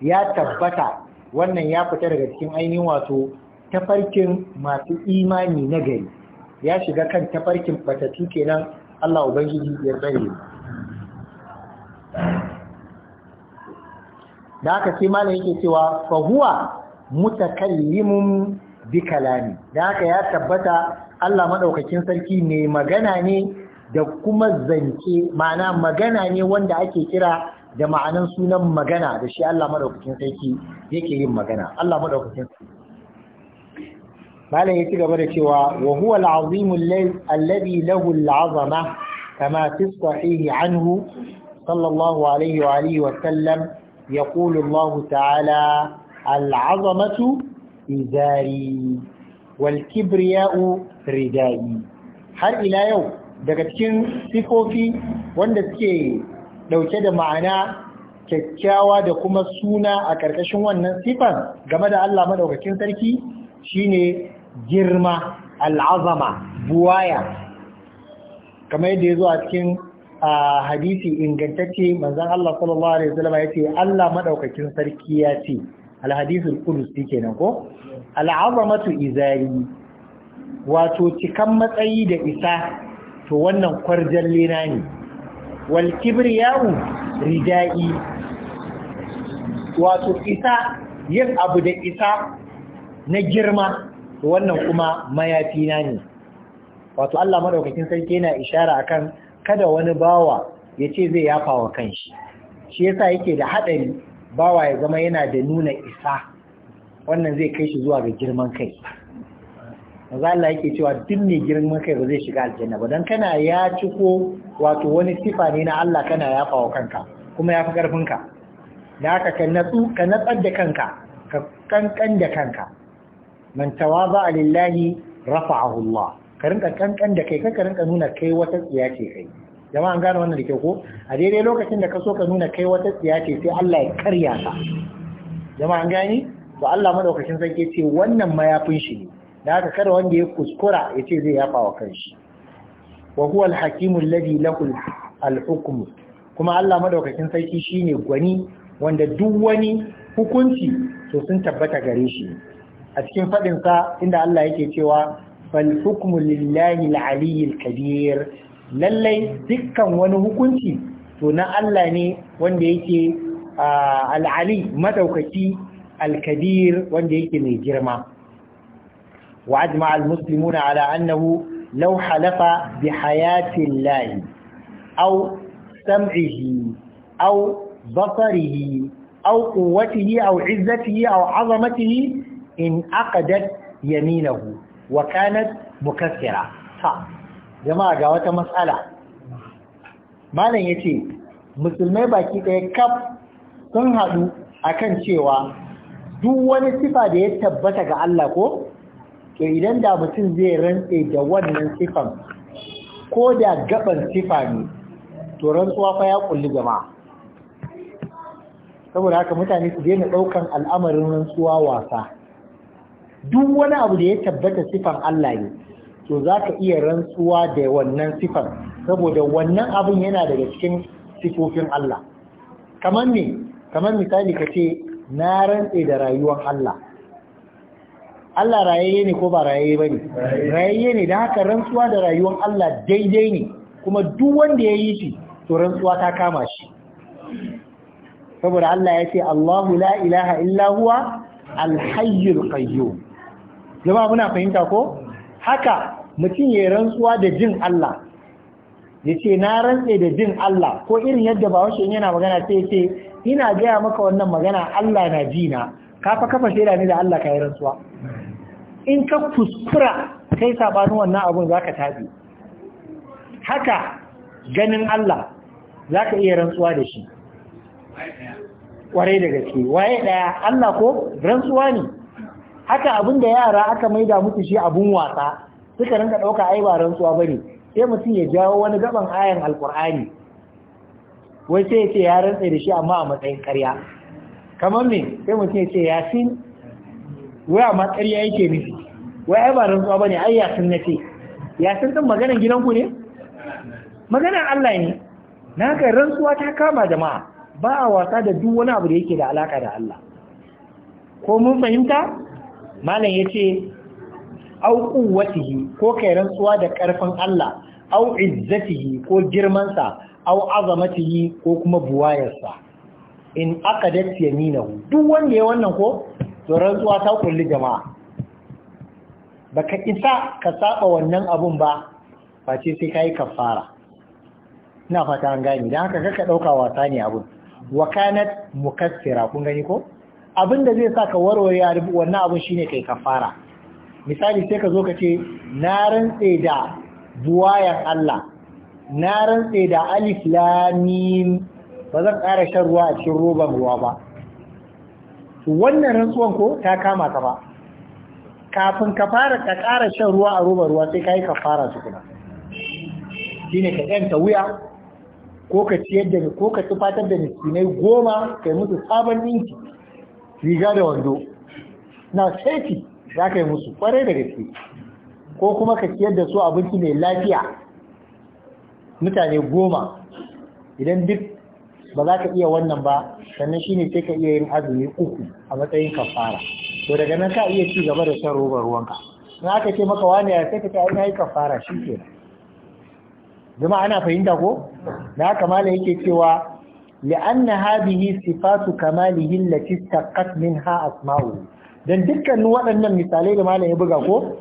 ya tabbata wannan ya fita daga cikin ainihin wato tafarkin masu imani na gari ya shiga kan tafarkin batatu kenan Allah ubangiji ya tsare da haka sai malam yake cewa "Fahuwa! huwa mutakallimun bi kalami da haka ya tabbata Allah maɗaukakin sarki ne magana ne da kuma zance ma'ana magana ne wanda ake kira da ma'anan sunan magana da shi Allah maɗaukakin sarki yake yin magana Allah maɗaukakin sarki malam ya ci gaba da cewa wa huwa al-azim alladhi lahu al-azama kama fi sahihi anhu sallallahu alaihi wa alihi wa sallam يقول الله تعالى العظمة إزاري والكبرياء ردائي har ila yau daga cikin sifofi wanda suke ɗauke da ma'ana kyakkyawa da kuma suna a ƙarƙashin wannan sifan game da Allah madaukakin sarki shine girma al'azama buwaya kamar yadda ya zo a cikin a hadisi ingantacce manzan Allah sallallahu alaihi wasallam yace Allah madaukakin sarki ya ce alhadisul qudusi kenan ko al'azamatu izari wato cikan matsayi da isa to wannan kwarjan lena ne wal kibriyau ridai wato isa yin abu da isa na girma to wannan kuma mayafi na ne wato Allah madaukakin sarki yana ishara akan kada wani bawa ya ce zai yafa wa kanshi shi yasa yake da haɗari bawa ya zama yana da nuna isa wannan zai kai shi zuwa ga girman kai maza Allah yake cewa duk mai girman kai ba zai shiga aljanna ba don kana ya ciko wato wani sifa ne na Allah kana yafa wa kanka kuma ya fi ƙarfinka da haka ka natsu ka natsar da kanka ka kankan da kanka man tawaza lillahi rafa'ahu Allah ka rinka kankan da kai ka rinka nuna kai wata tsiya ce kai jama'a an gane wannan da ke ko a daidai lokacin da ka so ka nuna kai wata tsiya ce sai Allah ya karya ka jama'a an gane to Allah madaukakin sarki ce wannan mayafin shi ne da haka kada wanda ya kuskura ya ce zai yafa wa kanshi wa huwa al-hakimu alladhi lahu al-hukm kuma Allah madaukakin sarki shine gwani wanda duk wani hukunci to sun tabbata gare shi a cikin fadin sa inda Allah yake cewa فالحكم لله العلي الكبير للي دكا ونه كنتي تنا الله ني وان ديكي آه العلي مدوكتي الكبير وان ديكي نجرما وأجمع المسلمون على أنه لو حلف بحياة الله أو سمعه أو بصره أو قوته أو عزته أو عظمته إن أقدت يمينه wa kanat mukassira ta jama'a ga wata matsala malam yace musulmai baki ɗaya kaf sun hadu akan cewa duk wani sifa da ya tabbata ga Allah ko to idan da mutum zai rantse da wannan sifan ko da gaban sifa ne to rantsuwa fa ya kulli jama'a saboda haka mutane su daina ɗaukan al'amarin rantsuwa wasa duk wani abu da ya tabbata sifan Allah ne to za ka iya rantsuwa da wannan sifan saboda wannan abin yana daga cikin sifofin Allah kamar ne kamar misali ka ce na rantse da rayuwar Allah Allah rayayye ne ko ba rayayye ba ne rayayye ne da haka rantsuwa da rayuwar Allah daidai ne kuma duk wanda ya yi shi to rantsuwa ta kama shi saboda Allah ya ce Allahu la ilaha illa huwa alhayyul qayyum jama muna fahimta ko haka mutum ya rantsuwa da jin Allah ya ce na rantse da jin Allah ko irin yadda ba washe yana magana sai ce ina gaya maka wannan magana Allah na ji na ka fa kafa shaida ne da Allah ka yi rantsuwa in ka kuskura kai sabanin wannan abun zaka tabi haka ganin Allah zaka iya rantsuwa da shi kwarai da gaske waye ɗaya Allah ko rantsuwa ne haka abin da yara aka maida musu shi abun wasa suka rinka ɗauka ai ba rantsuwa ba ne sai mutum ya jawo wani gaban ayan alkur'ani wai sai ya ce ya rantsa da shi amma a matsayin karya kamar me sai mutum ya ce yasin wai amma karya yake nufi wai ai ba rantsuwa ba ne ai yasin na ce yasin ɗin maganar gidanku ne maganar Allah ne na ka rantsuwa ta kama jama'a ba a wasa da duk wani abu da yake da alaka da Allah ko mun fahimta malam yace au quwwatihi ko kai rantsuwa da ƙarfin Allah au izzatihi ko girmansa, sa au azamatihi ko kuma buwayarsa in aqadat yaminahu duk wanda ya wannan ko to rantsuwa ta kulli jama'a baka isa ka saba wannan abun ba face sai kai kafara ina fata an gani dan haka kaka dauka wasa ne abun wa kanat kun gani ko abin da zai sa ka warware wannan abin shine kai kafara misali sai ka zo ka ce na rantse da buwayan Allah na rantse da alif lamim ba zan ƙara shan ruwa a cikin roban ruwa ba wannan rantsuwan ko ta kama ka ba kafin ka fara ka ƙara shan ruwa a roban ruwa sai ka yi kafara Shi shine ka ɗanta wuya ko ka ciyar da ko ka tufatar da miskinai goma kai musu sabon ɗinki riga da wando na saiti za ka yi musu kwarai da gaske ko kuma ka ciyar da su abinci mai lafiya mutane goma idan duk ba za ka iya wannan ba sannan shi ne sai ka iya yin azumi uku a matsayin kafara to daga nan ka iya ci gaba da shan robar ruwanka in aka ce maka wani ya sai ka ce yi kafara shi ke zama ana fahimta ko na haka yake cewa لأن هذه صفات كماله التي استقت منها أسماؤه dan dukkanin waɗannan misalai da malam ya buga ko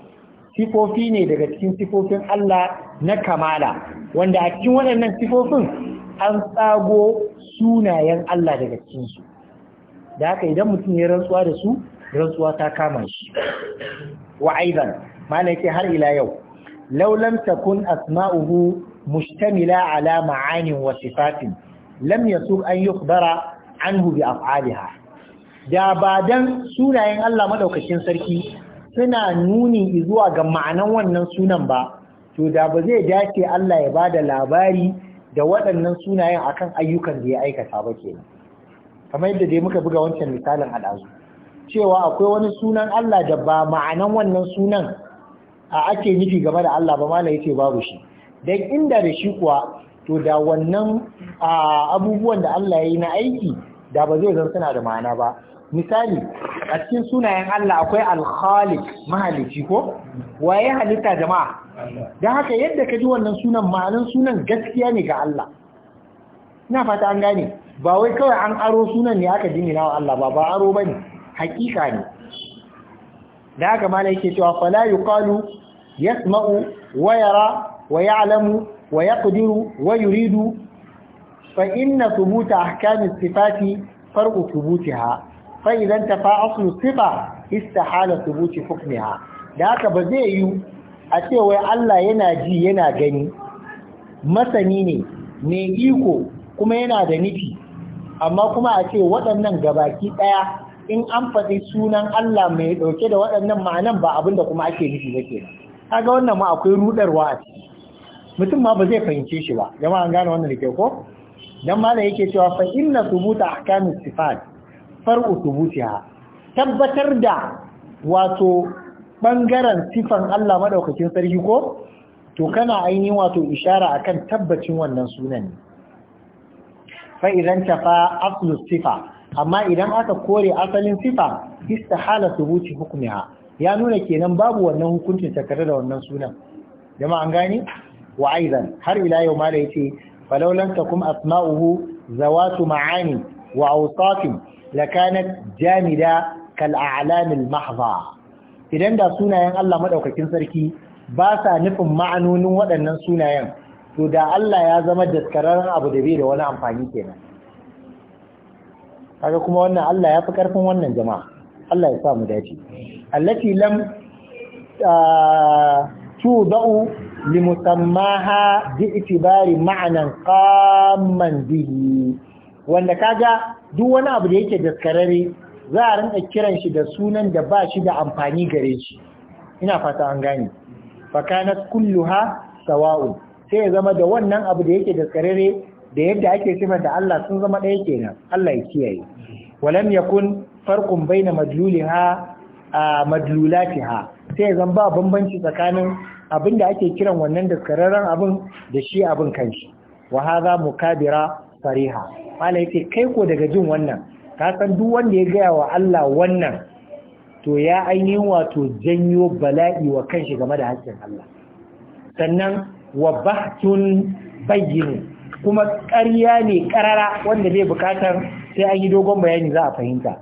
sifofi ne daga cikin sifofin Allah na kamala wanda a cikin waɗannan sifofin an tsago sunayen Allah daga cikinsu. da haka idan mutum ya rantsuwa da su rantsuwa ta kama shi wa aidan malam yake har ila yau law lam asma'uhu mustamila ala ma'anin wa sifatin lam yasu an yukhbara anhu bi af'aliha da ba dan sunayen Allah madaukakin sarki suna nuni zuwa ga ma'anan wannan sunan ba to da ba zai dace Allah ya bada labari da waɗannan sunayen akan ayyukan da ya aikata ba ke kamar yadda dai muka buga wancan misalin al'azu cewa akwai wani sunan Allah da ba ma'anan wannan sunan a ake nufi game da Allah ba mala yace babu shi dan inda da shi kuwa to da wannan abubuwan da Allah ya yi na aiki da ba zai zan suna da ma'ana ba misali a cikin sunayen Allah akwai al-khaliq mahalici ko waye halitta jama'a dan haka yadda ka ji wannan sunan ma'anan sunan gaskiya ne ga Allah ina fata an gane ba wai kawai an aro sunan ne aka jingina nawa Allah ba ba aro bane hakika ne da haka malai yake cewa fala yuqalu yasma'u wa yara wa ya'lamu wa yaqdiru wa yuridu fa inna thubuta ahkami sifati far'u thubutiha fa idan tafa aslu sifa istihala thubuti hukmiha da haka ba zai yiwu? a ce wai Allah yana ji yana gani masani ne mai iko kuma yana da nufi amma kuma a ce waɗannan gabaki ɗaya in an faɗi sunan Allah mai ɗauke da waɗannan ma'anan ba abinda kuma ake nufi ba ke kaga wannan ma akwai rudarwa a ciki mutum ma ba zai fahimce shi ba jama'a an gane wannan da ko dan malam yake cewa fa inna thubuta ahkamis sifat far'u thubutiha tabbatar da wato bangaren sifan Allah madaukakin sarki ko to kana ainihin wato ishara akan tabbacin wannan sunan fa idan tafa aslu sifa amma idan aka kore asalin sifa istihala thubuti hukmiha ya nuna kenan babu wannan hukuncin takarda da wannan sunan jama'a an gane wa aidan har ila yau ma da yace falau lam takum asma'uhu zawatu ma'ani wa Lakana, jamida kal a'lam al idan da sunayen Allah madaukakin sarki ba sa nufin ma'anonin waɗannan sunayen to da Allah ya zama daskararren abu da bai da wani amfani kenan kaga kuma wannan Allah ya fi karfin wannan jama'a Allah ya sa mu dace allati lam ah, da'u limusammaha bi itibari ma'anan qamman bihi wanda kaga duk wani abu da yake daskarare za a rinka kiran shi da sunan da ba shi da amfani gare shi ina fata an gane fa kanat kulluha sawa'u sai ya zama da wannan abu da yake daskarare da yadda ake sifar da Allah sun zama ɗaya kenan Allah ya kiyaye walam yakun farqun baina madluliha a madlulatiha sai ya zama ba bambanci tsakanin abin da ake kiran wannan daskararren abin da shi abin kanshi wa haza mukabira sariha mala yake kai ko daga jin wannan ka san duk wanda ya gaya wa Allah wannan to ya ainihin wato janyo bala'i wa kanshi game da haƙƙin Allah sannan wa bahtun bayyin kuma ƙarya ne ƙarara wanda bai bukatar sai an yi dogon bayani za a fahimta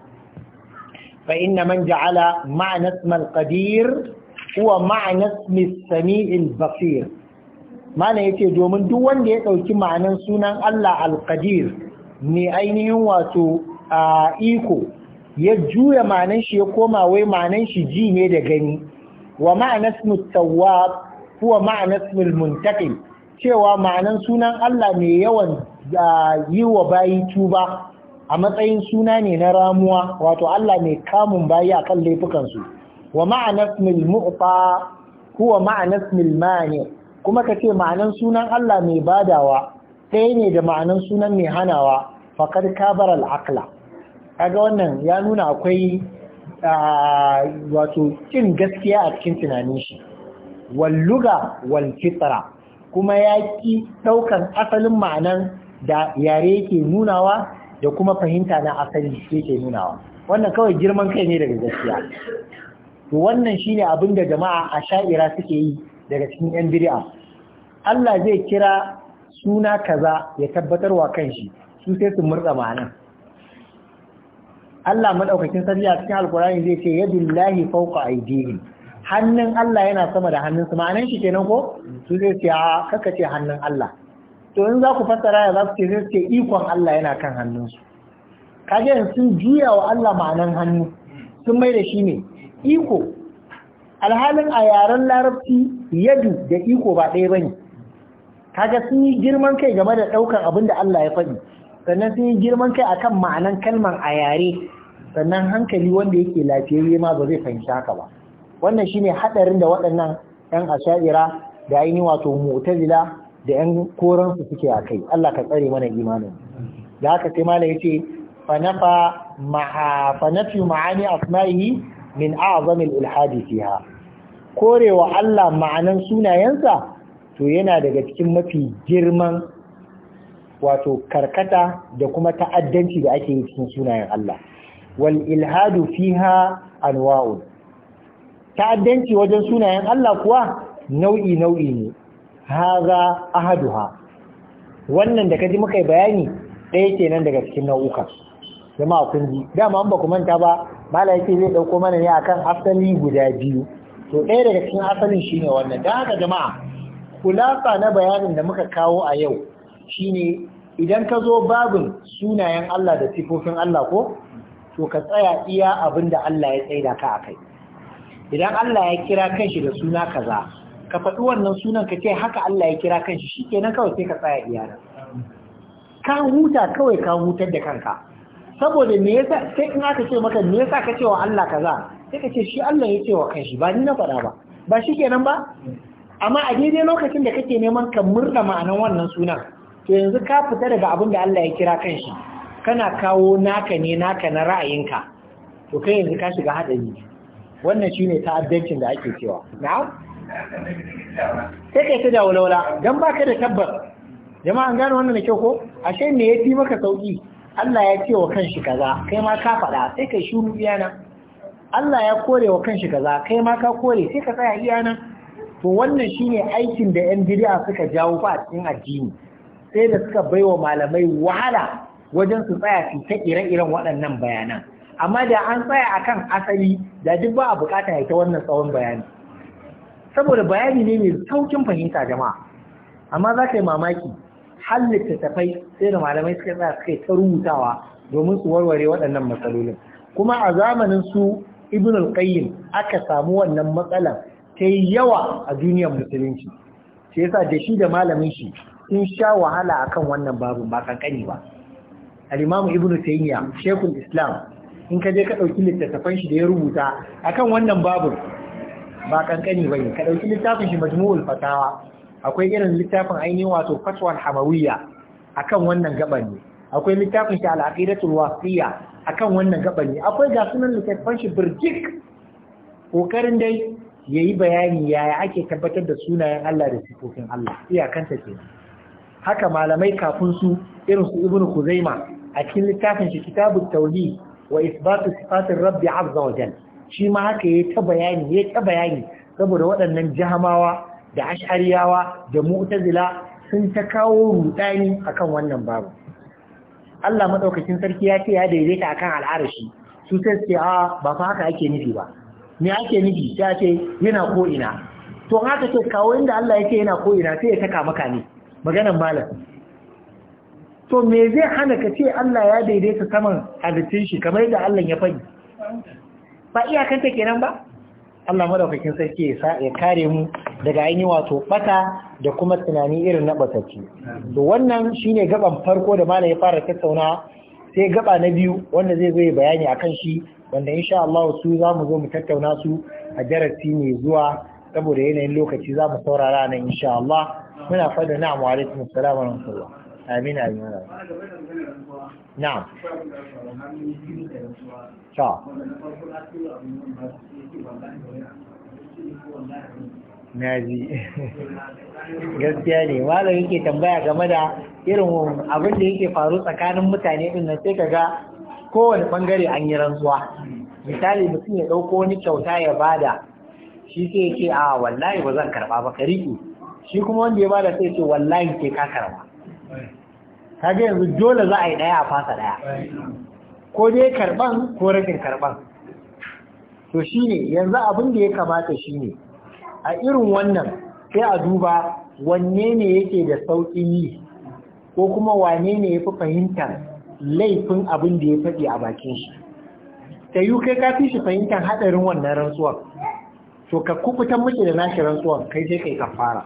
fa inna man ja'ala ma'ana ismal qadir huwa ma'ana sami'il basir mana yace domin duk wanda ya dauki ma'anan sunan Allah al-Qadir ne ainihin wato a iko ya juya ma'anan shi ya koma wai ma'anan shi ji ne da gani wa ma'ana ismu tawwab huwa ma'ana ismi muntaqim cewa ma'anan sunan Allah mai yawan yi wa bayi tuba a matsayin suna ne na ramuwa wato Allah mai kamun bayi akan laifukansu wa اسم المعطى هو معنى ma'ana المانع كما kuma kace ma'anar sunan Allah mai badawa ɗaya ne da مي sunan mai hanawa العقل kabara kaga wannan ya nuna akwai wato cin gaskiya a cikin tunanin shi walluga wal fitra kuma ya ki daukan asalin ma'anan da yare yake nunawa da kuma fahimta na asali yake nunawa wannan kawai girman kai ne daga gaskiya to wannan shine abin da jama'a a sha'ira suke yi daga cikin yan bid'a Allah zai kira suna kaza ya tabbatar wa kanshi su sai su murza ma'anan Allah madaukakin sarki a cikin alkurani zai ce yadullahi fawqa aydihim hannun Allah yana sama da hannun su ma'anan shi kenan ko su zai ce a kaka ce hannun Allah to in za ku fassara ya za su ce zai ce ikon Allah yana kan hannun su kaje sun juya wa Allah ma'anan hannu sun mai da shi ne iko alhalin a yaren larabci yadu da iko ba ɗaya ba ne kaga sun yi girman kai game da ɗaukar abin da Allah ya faɗi sannan sun yi girman kai akan ma'anan kalmar a yare sannan hankali wanda yake lafiyayye ma ba zai fahimci haka ba wannan shine hadarin da waɗannan yan asha'ira da ainihin wato mu'tazila da ƴan koran su suke a kai Allah ka tsare mana imanin da haka sai malam yace fa nafa ma'a fa nafi ma'ani asma'ihi min a'zamil ilhadi fiha korewa Allah ma'anan sunayensa to yana daga cikin mafi girman wato karkata da kuma ta'addanci da ake yi cikin sunayen Allah wal ilhadu fiha anwa'u ta'addanci wajen sunayen Allah kuwa nau'i nau'i ne haza ahaduha wannan da kaji muka bayani ɗaya kenan daga cikin nau'uka jama'a kun ji dama an ba ku manta ba mala yake zai dauko mana ne akan asali guda biyu to ɗaya daga cikin asalin shine wannan dan haka jama'a kulasa na bayanin da muka kawo a yau shine idan ka zo babin sunayen Allah da sifofin Allah ko to ka tsaya iya abinda Allah ya tsaida ka akai idan Allah ya kira kanshi da suna kaza ka faɗi wannan sunan ka ce haka Allah ya kira kanshi shikenan kawai sai ka tsaya iya ka huta kawai ka hutar da kanka saboda me yasa sai in aka ce maka me yasa ka ce wa Allah kaza sai ka ce shi Allah ya ce wa kanshi ba ni na faɗa ba ba shi kenan ba amma a daidai lokacin da kake neman ka murna ma'anan wannan sunan to yanzu ka fita daga abin da Allah ya kira kanshi kana kawo naka ne naka na ra'ayinka to kai yanzu ka shiga hadari wannan shine ta'addancin da ake cewa na'am sai kai ta da walwala dan baka da tabbas jama'an gane wannan da kyau ko ashe me fi maka sauki Allah ya ce wa kanshi kaza kai ma ka faɗa sai kai shuru iyana Allah ya kore wa kanshi kaza kai ma ka kore sai ka tsaya iyana to wannan shine aikin da yan bid'a suka jawo fa a cikin addini sai da suka baiwa malamai wahala wajen su tsaya su ta ire-iren waɗannan bayanan amma da an tsaya kan asali da duk ba a bukata ya ta wannan tsawon bayani saboda bayani ne mai saukin fahimta jama'a amma za ka yi mamaki har littattafai sai da malamai suka tsaya suke ta rubutawa domin su warware waɗannan matsalolin kuma a zamanin su ibn al-qayyim aka samu wannan matsalan ta yawa a duniyar musulunci sai yasa da shi da malamin shi sun sha wahala akan wannan babu ba kankani ba al-imamu ibn taymiya shaykhul islam in ka je ka ɗauki littattafan shi da ya rubuta akan wannan babu ba kankani bane ka ɗauki littafin shi majmu'ul fatawa akwai irin littafin ainihin wato fatwar hamawiyya akan wannan gaban ne akwai littafin shi al wasiya a akan wannan gaban ne akwai ga sunan littafin shi birjik Ƙoƙarin dai ya yi bayani yaya ake tabbatar da sunayen Allah da sifofin Allah iyakanta ke haka malamai kafin su irin su ibnu kuzaima a cikin littafin shi kitabun tauhid wa isbatu sifatir rabbi azza wa jalla shi ma haka yayi ta bayani yayi ta bayani saboda waɗannan jahamawa da ash'ariyawa da mu'tazila sun ta kawo rudani akan wannan babu Allah madaukakin sarki ya ce ya daidaita akan al'arashi su sai ce a ba fa haka ake nufi ba me ake nufi sai ce yana ko ina to haka ce kawo inda Allah yake yana ko ina sai ya taka maka ne maganar malam to me zai hana ka ce Allah ya daidaita saman halittun shi kamar yadda Allah ya fadi? ba iyakanta kenan ba Allah madaukakin sarki ya kare mu daga ainihin wato bata da kuma tunani irin na batacci to wannan shine gaban farko da malam ya fara tattauna sai gaba na biyu wanda zai zo ya bayani akan shi wanda insha Allah su za mu zo mu tattauna su a darasi ne zuwa saboda yanayin lokaci za mu saurara nan insha Allah muna fada na'am wa alaikum assalam wa rahmatullah na ji gaskiya ne malam yake tambaya game da irin abin da yake faru tsakanin mutane din nan sai kaga kowane bangare an yi rantsuwa misali mutum ya ɗauko wani kyauta ya bada shi sai ce a wallahi ba zan karba ba ka riƙe shi kuma wanda ya bada sai ce wallahi ke ka karba kaga yanzu dole za a yi ɗaya a fasa ɗaya ko dai karban ko rashin karban to shine yanzu abin da ya kamata shine a irin wannan sai a duba wanne ne yake da sauƙin yi ko kuma wane ne ya fi fahimtar laifin abin da ya faɗi a bakin shi ta yi kai kafi shi fahimtar haɗarin wannan rantsuwar to ka kubutan miki da nashi rantsuwar kai sai kai kafara fara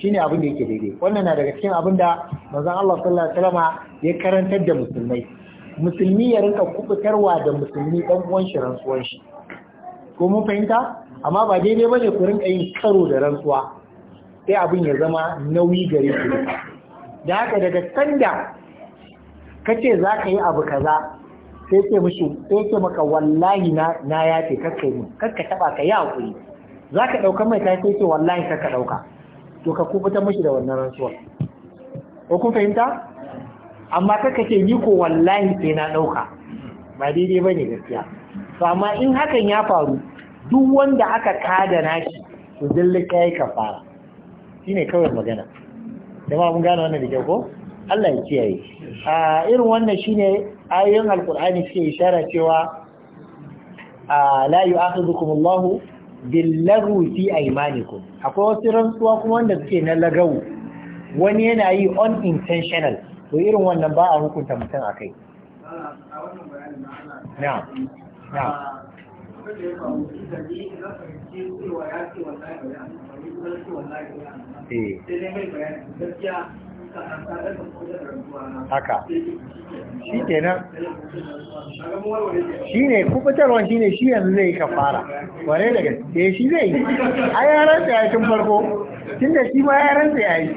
shi ne abin da yake daidai wannan na daga cikin abin da manzon Allah sallallahu alaihi wasallam ya karantar da musulmai musulmi ya rinka kubutarwa da musulmi dan uwan shi rantsuwan shi ko mun fahimta amma ba daidai bane ku rinka yin karo da rantsuwa sai abin ya zama nauyi gare ku da haka daga sanda kace za ka yi abu kaza sai ce mishi sai ce maka wallahi na na yafe kakkai mu, kakka taba ka yi hakuri za ka ɗauka mai ta sai ce wallahi kakka ɗauka to ka kubutar mashi da wannan rantsuwa ko kun fahimta amma kaka ce ni ko wallahi sai na ɗauka ba daidai ba ne gaskiya to amma in hakan ya faru duk wanda aka kada nashi to zalla kai ka fara shine kawai magana jama'a mun gane wannan da kyau ko Allah ya kiyaye a irin wannan shine ayoyin alqur'ani suke isharar cewa la yu'akhidhukumullahu billahu fi aymanikum akwai wasu rantsuwa kuma wanda suke na lagawu wani yana yi unintentional to irin wannan ba a hukunta mutum a kai na haka shi nan shi ne kubutarwan shi ne shi yanzu zai fara wane daga da eh, shi zai yi a yi da ya tun farko tun da shi ma ya da ya yi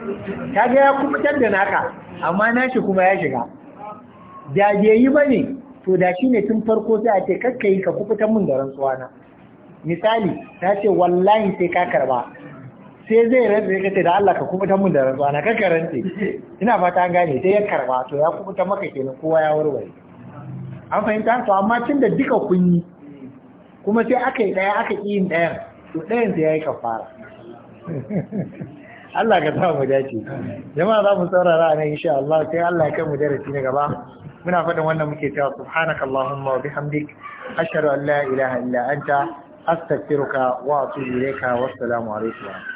ta ga ya kubutar da naka amma nashi kuma ya shiga da bai yi ba ne to da shi ne tun farko sai a ce kakka yi ka kubutar min da rantsuwa na misali ta ce wallahi sai ka karba sai zai rantsa ya ce da Allah ka kuma ta mun da rantsuwa na kaka rantse ina fata an gane sai ya karba to ya kuma ta maka kenan kowa ya warware an fahimta to amma tun da duka kun yi kuma sai aka yi ɗaya aka ƙi yin ɗayan to ɗayan sai ya yi kafara *laughs* Allah ka sa mu dace jama'a za mu saurara nan insha Allah sai Allah ya kai mu darasi na gaba muna faɗin wannan muke cewa subhanakallahumma wa bihamdik ashhadu an la ilaha illa anta وأتوب إليك والسلام عليكم ورحمة الله